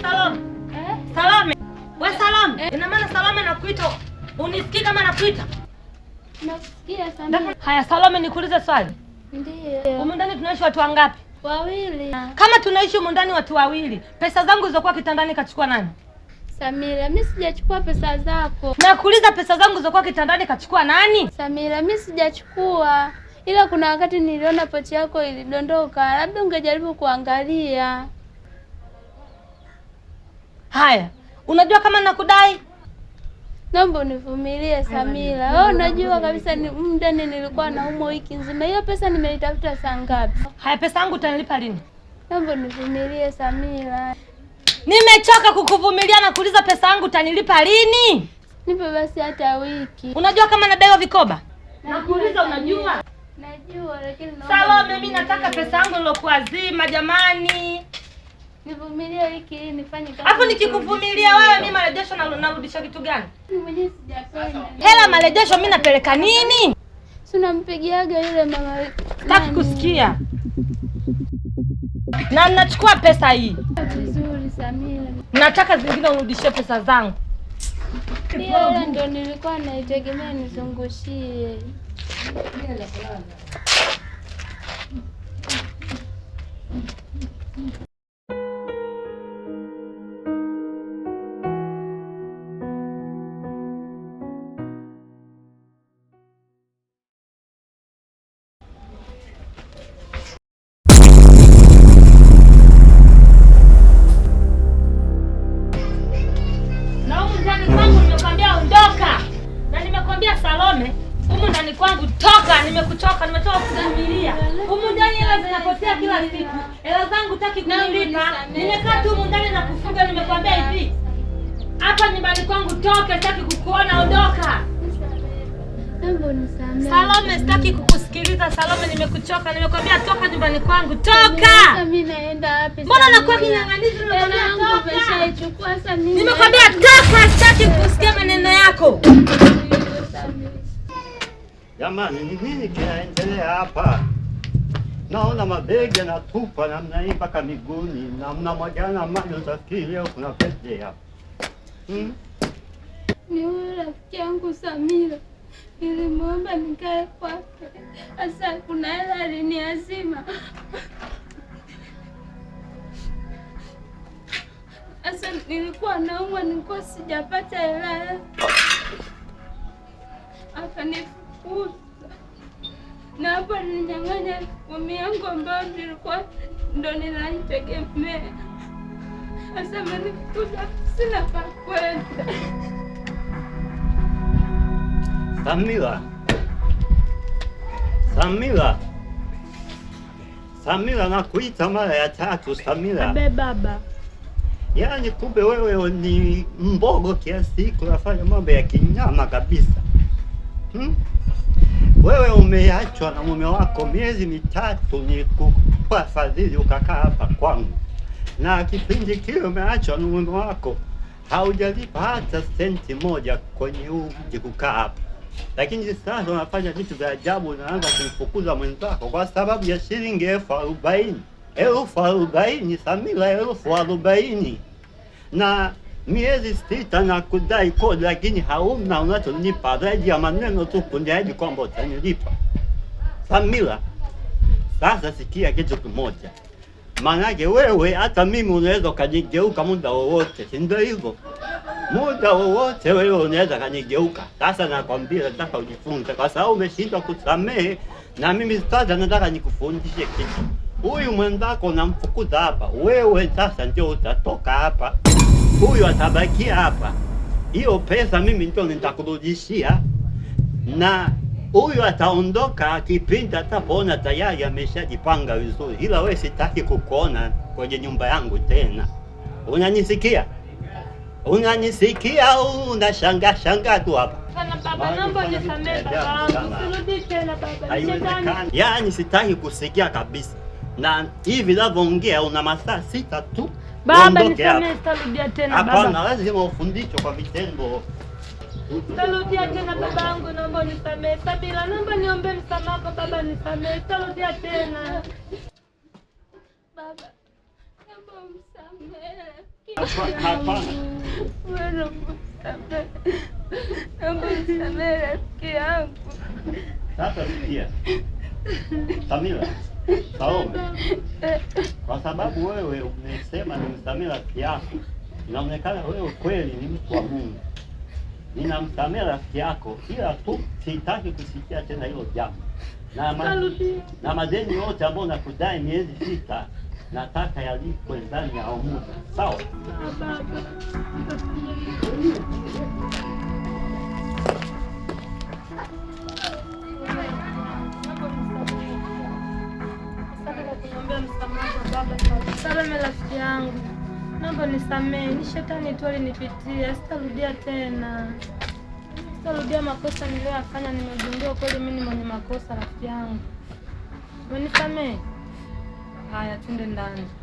Salome. Eh? Salome. Wewe Salome. Ina maana Salome nakuita. Unisikii kama nakuita? Nasikia sana. Haya Salome, nikuulize swali. Ndiyo. Humu ndani tunaishi watu wangapi? Wawili. Kama tunaishi humu ndani watu wawili, pesa zangu zilizokuwa kitandani kachukua nani? Samira, mimi sijachukua pesa zako. Nakuuliza pesa zangu zilizokuwa kitandani kachukua nani? Samira, mimi sijachukua. Ila kuna wakati niliona pochi yako ilidondoka, labda ungejaribu kuangalia. Haya, unajua kama nakudai, naomba univumilie Samira. Wewe unajua oh, kabisa ni muda nilikuwa naumwa wiki nzima, hiyo pesa nimeitafuta saa ngapi? Haya, pesa yangu utanilipa lini? Naomba univumilie Samira, nimechoka kukuvumilia na kuuliza pesa yangu utanilipa lini? Nipe basi hata wiki. Unajua kama nadaiwa vikoba? Nakuuliza, unajua? Najua, lakini naomba Salome, mimi nataka pesa yangu zima, jamani. Nivumilie wiki hii nifanye kazi. Hapo nikikuvumilia wewe mimi marejesho na narudisha kitu gani? Mimi mwenyewe sijapenda. Hela marejesho mimi napeleka nini? Si Tunampigiaga yule mama Sitaki kusikia. Na nachukua pesa hii. Vizuri Samira. Nataka zingine urudishie pesa zangu. Hela ndo nilikuwa naitegemea nizungushie. ndani kwangu, nimekwambia ondoka, na nimekwambia Salome, humu ndani kwangu toka, nimekuchoka, nimetoka kudhamiria humu ndani. Hela zinapotea kila siku, hela zangu taki kunilipa, nimekaa tu humu ndani na kufuga. Nimekwambia hivi, hapa nyumbani kwangu toke, sitaki kukuona, ondoka. Salome, sitaki kukusikiliza Salome, nimekuchoka. Nimekwambia toka nyumbani kwangu, toka. Mimi naenda wapi? Mbona nakuwa kinyang'anizi? Nimekwambia toka, sitaki kusikia maneno yako. Jamani, ni nini kinaendelea hapa? Naona mabegi yanatupa namna hii mpaka miguuni na mnamwagana maji. Utafikiri leo kuna birthday hapa. Hmm? Ni huyo rafiki yangu Samira nilimwomba nikae kwake, hasa kuna hela aliniazima hasa. Nilikuwa naumwa, nilikuwa sijapata hela, akanifukuza na hapo ninyang'anya kumi yangu ambayo nilikuwa ndo ninaitegemea. Hasa amenifukuza, sina pa kwenda. സമ്മിക Samira. Samira nakuita mara ya tatu Samira. Abe kumbe wewe ni mbogo kiasi hiki unafanya mambo ya kinyama kabisa. Hmm? Wewe umeachwa na mume wako miezi mitatu ni nilikupa fadhili ukakaa hapa kwangu. Na kipindi kile umeachwa na mume wako haujalipa hata senti moja kwenye huu mji kukaa hapa lakini sasa unafanya vitu vya ajabu, unaanza kumfukuza mwenzako kwa sababu ya shilingi elfu arobaini elfu arobaini Samila, elfu arobaini na miezi sita na kudai kodi, lakini hauna unachonipa zaidi ya maneno tu kuniahidi kwamba utanilipa. Samila, sasa sikia kitu kimoja, maanake wewe hata mimi unaweza ukajigeuka muda wowote, si ndio hivyo? muda wowote wewe unaweza kanigeuka. Sasa nakwambia, nataka ujifunze, kwa sababu umeshindwa kusamehe, na mimi sasa nataka nikufundishe kitu. Huyu mwenzako namfukuza hapa, wewe sasa ndio utatoka hapa, huyu atabakia hapa. Hiyo pesa mimi ndio nitakurudishia, na huyu ataondoka kipindi atapoona tayari ameshajipanga vizuri, ila we sitaki kukuona kwenye nyumba yangu tena. Unanisikia? Unanisikia? una shanga shanga tu hapa. Yaani sitaki kusikia kabisa, na hivi navyoongea una masaa sita tu. Baba, nisamehe, sitarudia tena. baba. Hapana, lazima ufundishwe kwa vitendo. Sitarudia tena baba yangu, naomba nisamehe. Sabila, naomba niombe msamaha kwa baba, nisamehe, sitarudia tena. Baba, naomba msamehe. Hapana, msamehe rafiki yangu. Sasa sikia Samila, Salome, kwa sababu wewe umesema ni nimsamehe rafiki yako, inaonekana wewe kweli ni mtu wa Mungu. Ninamsamehe rafiki yako, ila tu sitaki kusikia tena hilo jambo na, ma na madeni yote ambayo nakudai miezi sita nataka yalipwe ndani ya muda sawa. Samehe rafiki yangu, naomba nisamehe, ni shetani tu alinipitia, sitarudia tena, sitarudia makosa niliyoyafanya. Nimegundua kweli mimi ni mwenye makosa, rafiki yangu, unisamehe. 봐야 충전단